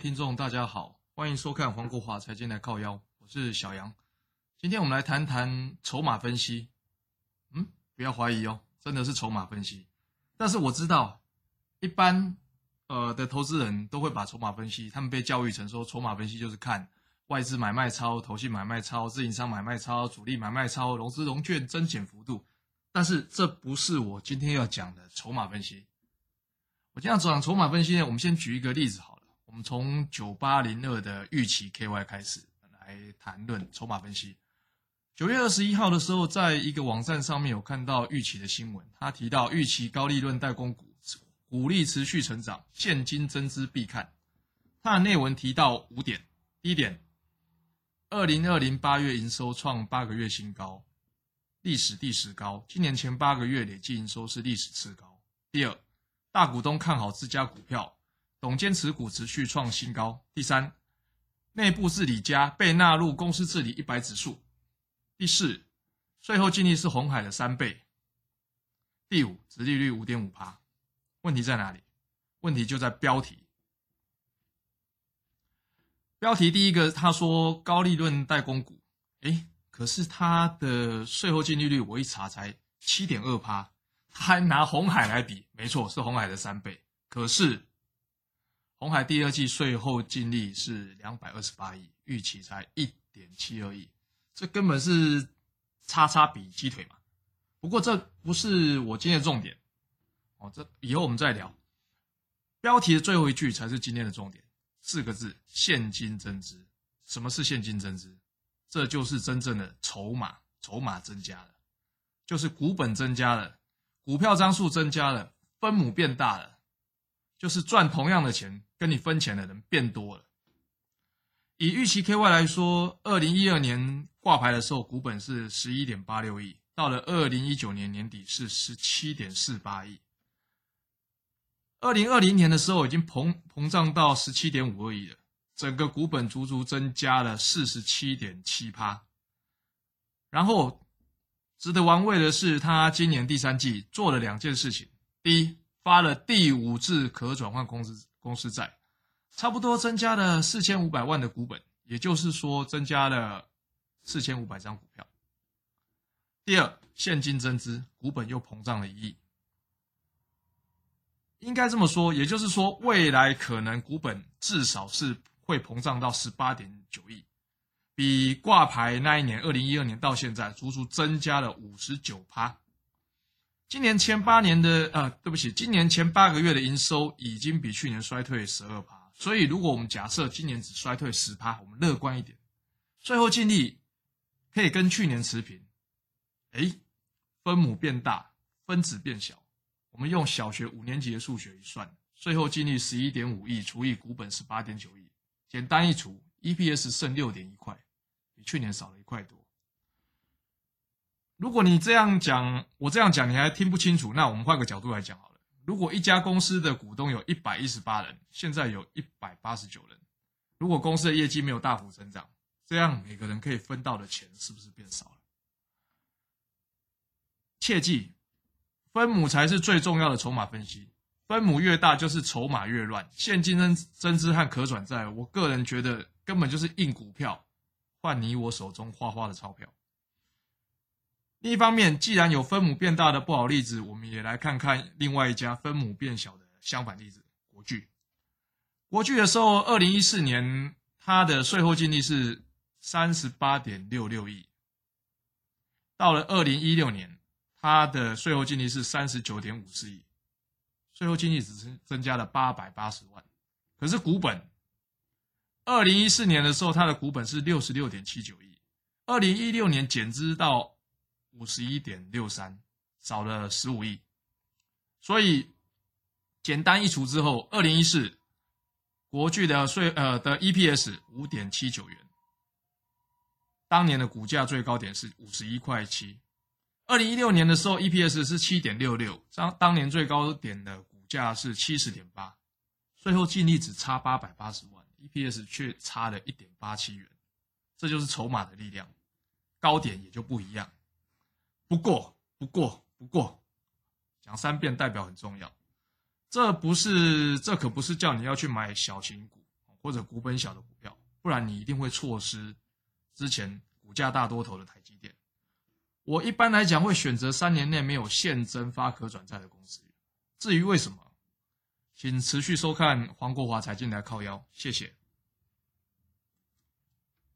聽眾大家好，歡迎收看黃國華財經的靠腰，我是小楊。今天我們來談談籌碼分析。嗯，不要懷疑哦，真的是籌碼分析。但是我知道，一般呃的投資人都會把籌碼分析，他們被教育成說，籌碼分析就是看外資買賣超、投信買賣超、自營商買賣超、主力買賣超、融資融券增減幅度。但是這不是我今天要講的籌碼分析。我今天要講籌碼分析呢，我們先舉一個例子好了。我們從九八零二的預期 KY 開始來談論籌碼分析。九月二十一號的時候，在一個網站上面有看到預期的新聞，他提到預期高利潤代工股，股利持續成長，現金增資必看。他的內文提到五點，第一點，二零二零八月營收創八個月新高，歷史第十高，今年前八個月累計營收是歷史次高。第二，大股東看好自家股票。董監持股持續創新高。第三，內部治理佳，被納入公司治理一百指數。第四，稅後淨利是鴻海的三倍。第五，殖利率五點五帕。問題在哪裡？問題就在標題。標題第一個，他說高利潤代工股，哎，可是他的稅後淨利率我一查才七點二帕，他還拿鴻海來比，沒錯，是鴻海的三倍，可是。鴻海第二季稅後淨利是兩百二十八億，預期才一點七二億，這根本是叉叉比雞腿嘛！不過這不是我今天的重點，哦，這以後我們再聊。標題的最後一句才是今天的重點，四個字：現金增資。什麼是現金增資？這就是真正的籌碼，籌碼增加了，就是股本增加了，股票張數增加了，分母變大了。就是賺同樣的錢，跟你分錢的人變多了。以預期 KY 來說，二零一二年掛牌的時候股本是十一點八六億，到了二零一九年年底是十七點四八億，二零二零年的時候已經膨膨脹到十七點五二億了，整個股本足足增加了四十七點七趴。然後值得玩味的是，他今年第三季做了兩件事情，第一。發了第五次可轉換公司公司債，差不多增加了四千五百萬的股本，也就是說增加了四千五百張股票。第二，現金增資，股本又膨脹了一億。應該這麼說，也就是說，未來可能股本至少是會膨脹到十八點九億，比掛牌那一年二零一二年到現在足足增加了五十九趴。今年前八年的，呃、啊，對不起，今年前八個月的營收已經比去年衰退十二趴。所以，如果我們假設今年只衰退十趴，我們樂觀一點，稅後淨利可以跟去年持平。哎，分母變大，分子變小，我們用小學五年級的數學一算，稅後淨利十一點五億除以股本十八點九億，簡單一除，EPS 剩六點一塊，比去年少了一塊多。如果你這樣講，我這樣講，你還聽不清楚，那我們換個角度來講好了。如果一家公司的股東有一百一十八人，現在有一百八十九人，如果公司的業績沒有大幅增長，這樣每個人可以分到的錢是不是變少了？切記，分母才是最重要的籌碼分析，分母越大就是籌碼越亂。現金增增資和可轉債，我個人覺得根本就是印股票，換你我手中花花的鈔票。另一方面，既然有分母變大的不好的例子，我們也來看看另外一家分母變小的相反例子——國巨。國巨的時候，二零一四年它的稅後淨利是三十八點六六億，到了二零一六年，它的稅後淨利是三十九點五四億，稅後淨利，利只增增加了八百八十萬。可是股本，二零一四年的時候，它的股本是六十六點七九億，二零一六年減資到，五十一點六三少了十五億，所以簡單一除之後，二零一四國巨的稅呃的 E P S 五點七九元，當年的股價最高點是五十一塊七，二零一六年的時候 E P S 是七點六六，當當年最高點的股價是七十點八，最後淨利只差八百八十萬，E P S 却差了一點八七元，這就是籌碼的力量，高點也就不一樣。不過，不過，不過，講三遍代表很重要。這不是，這可不是叫你要去買小型股或者股本小的股票，不然你一定會錯失之前股價大多頭的台積電。我一般來講會選擇三年內沒有現增發可轉債的公司。至於為什麼，請持續收看黃國華財經來靠腰，謝謝。